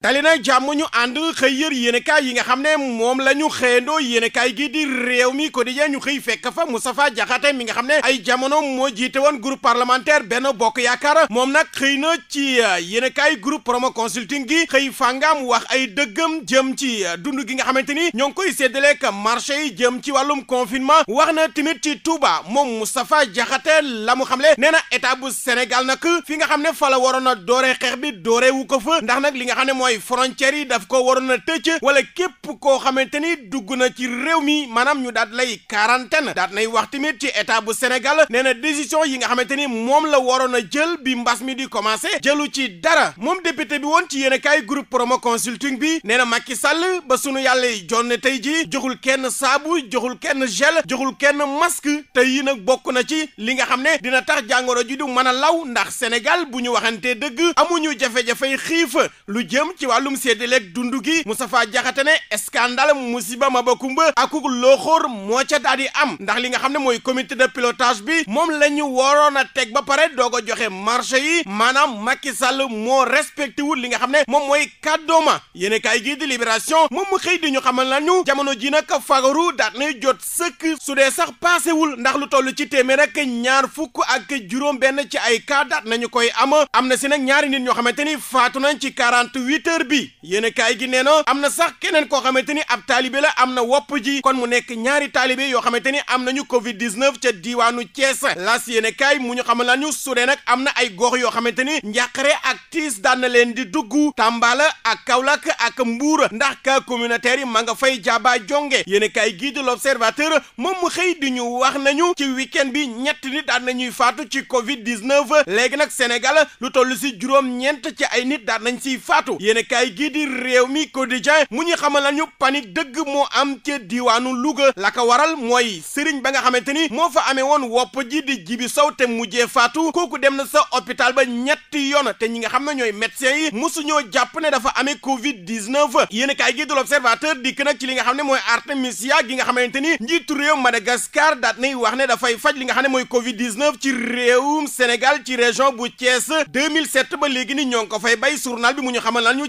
tali na jàmm ñu ànd xëy yër yéenekaay yi nga xam ne moom la ñu ndoo yéenekaay gi di réew mi quotidien ñu xëy fekk fa Moustapha Diakhaté mi nga xam ne ay jamono moo jiite woon groupe parlementaire benn bokk yaakaar moom nag xëy na ci euh, yéenekaay groupe promo consulting gi xëy fàngaam wax ay dëggam jëm ci euh, dund gi nga xamante ni ñoo ngi koy séddaleek marché yi jëm ci wàllum confinement wax na tamit ci Touba moom Moustapha Diakhaté la mu xamle nee na état bu Sénégal nag fi nga xam ne fa la waroon a xeex bi dooree ko fa ndax nag li nga xam ne mooy frontières yi daf ko waroon a tëcc wala képp koo xamante ni dugg na ci réew mi maanaam ñu daat lay quarantaine daat nay wax tamit ci état bu Sénégal nee na décision yi nga xamante ni moom la waroon a jël bi mbas mi di commencé jëlu ci dara moom député bi woon ci yéen kaay groupe promo consulting bi nee na Macky Sall ba sunu yàlla jonne tey ji joxul kenn saabu joxul kenn gel joxul kenn masque te yi nag bokk na ci li nga xam ne dina tax jàngoro ji du mën a law ndax Sénégal bu ñu waxantee dëgg amuñu jafe-jafey xiif lu jëm ci wàllum séddaleeg dundu gi Moustapha Diakhaté ne scandale musiba ma ba kumba akuk looxóor moo ca daal di am ndax li nga xam ne mooy comité de pilotage bi moom la ñu waroon a teg ba pare doog a joxe marché yi maanaam Macky Sall moo respecté wul li nga xam ne moom mooy kàddooma yéen kaay gii di libération moom mu xëy di ñu xamal lañu jamono ji nag fagaru daat nay jot sëkk su dee sax paasewul ndax lu toll ci téeméer ak ñaar fukk ak juróom benn ci ay cas daat nañu koy am am na si nag ñaari nit ñoo xamante ni faatu nañ ci 48 enquêteur bi yéen kaay gi nee na am na sax keneen koo xamante ni ab taalibe la am na wopp ji kon mu nekk ñaari taalibe yoo xamante ni am nañu covid 19 ca diiwaanu Thiès las yéen kaay mu ñu xam la ñu su nag am na ay gox yoo xamante ni njàqare ak tiis daan na leen di dugg Tamba ak Kaolack ak Mbour ndax ka communautaire yi ma nga fay jaaba jonge yéen kaay gii di l'observateur moom xëy di ñu wax nañu ci week-end bi ñetti nit daan nañuy faatu ci covid 19 léegi nag Sénégal lu toll si juróom ci ay nit daan nañ siy faatu yéen yéenekaay gii di réew mi quotidien mu ñu xamal lañu panique dëgg moo am ca diwaanu Louga la waral mooy sëriñ ba nga xamante ni moo fa amee woon wopp ji di jibi sow te mujjee faatu kooku dem na sa hôpital ba ñetti yoon te ñi nga xam ne ñooy médecins yi mosuñoo jàpp ne dafa amee Covid 19 yéenekaay gii di l'Observateur dikk nag ci li nga xam ne mooy artemisia gi nga xamante ni njiitu réew Madagascar daat nay wax ne dafay faj li nga xam ne mooy Covid 19 ci réewum Sénégal ci région bu Thiès 2007 ba léegi ni ñoo ngi bay journal bi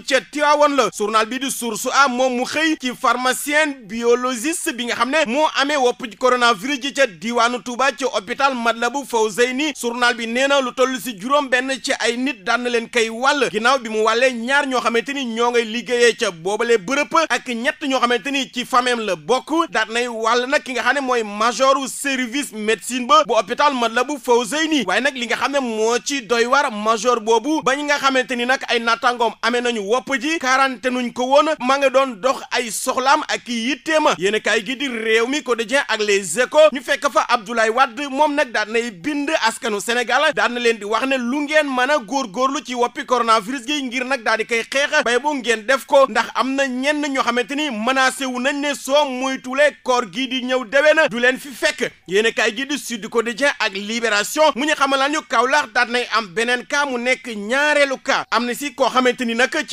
lu ca Tiwaawan la journal bi di Source A moom mu xëy ci pharmacien biologiste bi nga xam ne moo amee wopp ci coronavirus ji ca diwaanu Touba ci hôpital Matlaboul ni journal bi nee na lu toll si juróom benn ci ay nit daan leen kay wàll ginnaaw bi mu wallee ñaar ñoo xamante ni ñoo ngay liggéeyee ca boobale bërëb ak ñett ñoo xamante ni ci fameem la bokk daan nay wàll nag ki nga xam ne mooy majoru service médecine ba bu hôpital Matlaboul Fawzeyni waaye nag li nga xam ne moo ci doy war major boobu bañ nga xamante ni nag ay naataangoom amee nañu wopp ji quarante nuñ ko woon ma nga doon dox ay soxlaam ak i yitteema yéen a kaay gi di réew ko quotidien ak les échos ñu fekk fa Abdoulaye wadd moom nag daan nay bind askanu Sénégal daan na leen di wax ne lu ngeen mën a góorgóorlu ci woppi coronavirus gi ngir nag daal di koy xeex bay bu ngeen def ko ndax am na ñenn ñoo xamante ni menacé wu nañ ne soo moytuwulee koor gii di ñëw dewe na du leen fi fekk yéen a kaay gi di Sud Quotidien ak Libération mu ñu xamal ñu Kaolack daan nay am beneen cas mu nekk ñaareelu cas am na si koo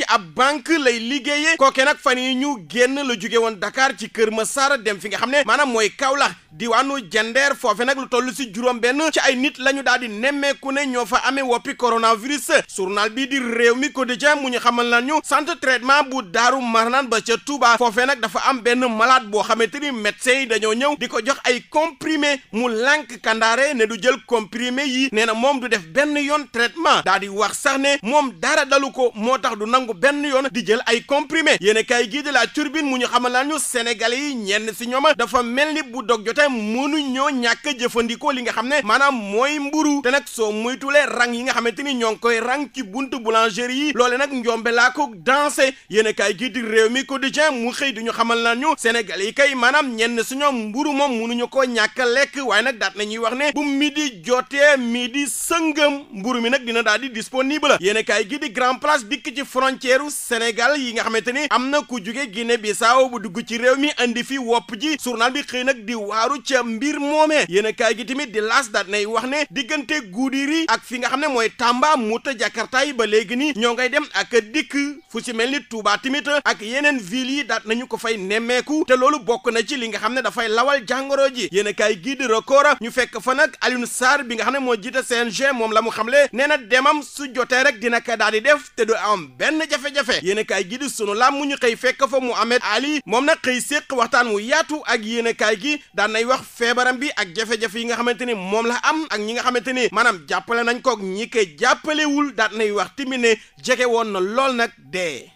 ab banque lay liggéeyee kooke nag fan yi ñu génn la jóge woon Dakar ci Kër ma Masar dem fi nga xam ne maanaam mooy di diwaanu Jandeer foofe nag lu toll si juróom benn ci ay nit la ñu daal di nemmeeku ne ñoo fa amee woppi coronavirus journal bii di réew mi quotidien mu ñu xamal lan ñu centre traitement bu Daaru Marnaan ba ca Touba foofe nag dafa am benn malade boo xamante ni médecin yi dañoo ñëw di ko jox ay comprimé mu lànk kandaare ne du jël comprimé yi nee na moom du def benn yoon traitement daal di wax sax moom dara dalu ko moo tax du nangu nangu benn yoon di jël ay comprimé yéen a kaay gii la turbine mu ñu xamal laan ñu sénégalais yi ñenn si ñoom dafa mel ni bu dog jotee mënuñoo ñàkk jëfandikoo li nga xam ne maanaam mooy mburu te nag soo muytulee rang yi nga xamante ni ñoo ngi koy rang ci buntu boulangerie yi loole nag njombe laa ko dansé yéen a kaay gii di réew mi mu xëy di ñu xamal laan ñu sénégalais yi kay maanaam ñenn si ñoom mburu moom mënuñu ko ñàkk lekk waaye nag daat nañuy wax ne bu midi jotee midi sëngëm mburu mi nag dina daal di disponible yéen a kaay di grand place dikk ci front frontière u Sénégal yi nga xamante ni am na ku jóge Guinée Bissau bu dugg ci réew mi indi fi wopp ji journal bi xëy nag di waaru ca mbir moome yéen a kaay gi tamit di laas daat nay wax ne diggante Goudiri ak fi nga xam ne mooy Tamba Mouta Jakarta yi ba léegi ni ñoo ngay dem ak dikk fu ci mel ni Touba tamit ak yeneen ville yi daat nañu ko fay nemmeeku te loolu bokk na ci li nga xam ne dafay lawal jàngoro ji yéen a kaay gii di record ñu fekk fa nag Alioune Sarr bi nga xam ne moo jiite CNG moom la mu xamle nee na demam su jotee rek dina ko daal di def te jafe-jafe yéenekaay gi di sunu làmm ñu xëy fekk fa mu Mouhamed Ali moom na xëy séq waxtaan wu yaatu ak yéenekaay gi daan nay wax feebaram bi ak jafe-jafe yi nga xamante ni moom la am ak ñi nga xamante ni maanaam jàppale nañ kook ñi koy jàppalewul daan wax tamit ne jege woon na lool nag dee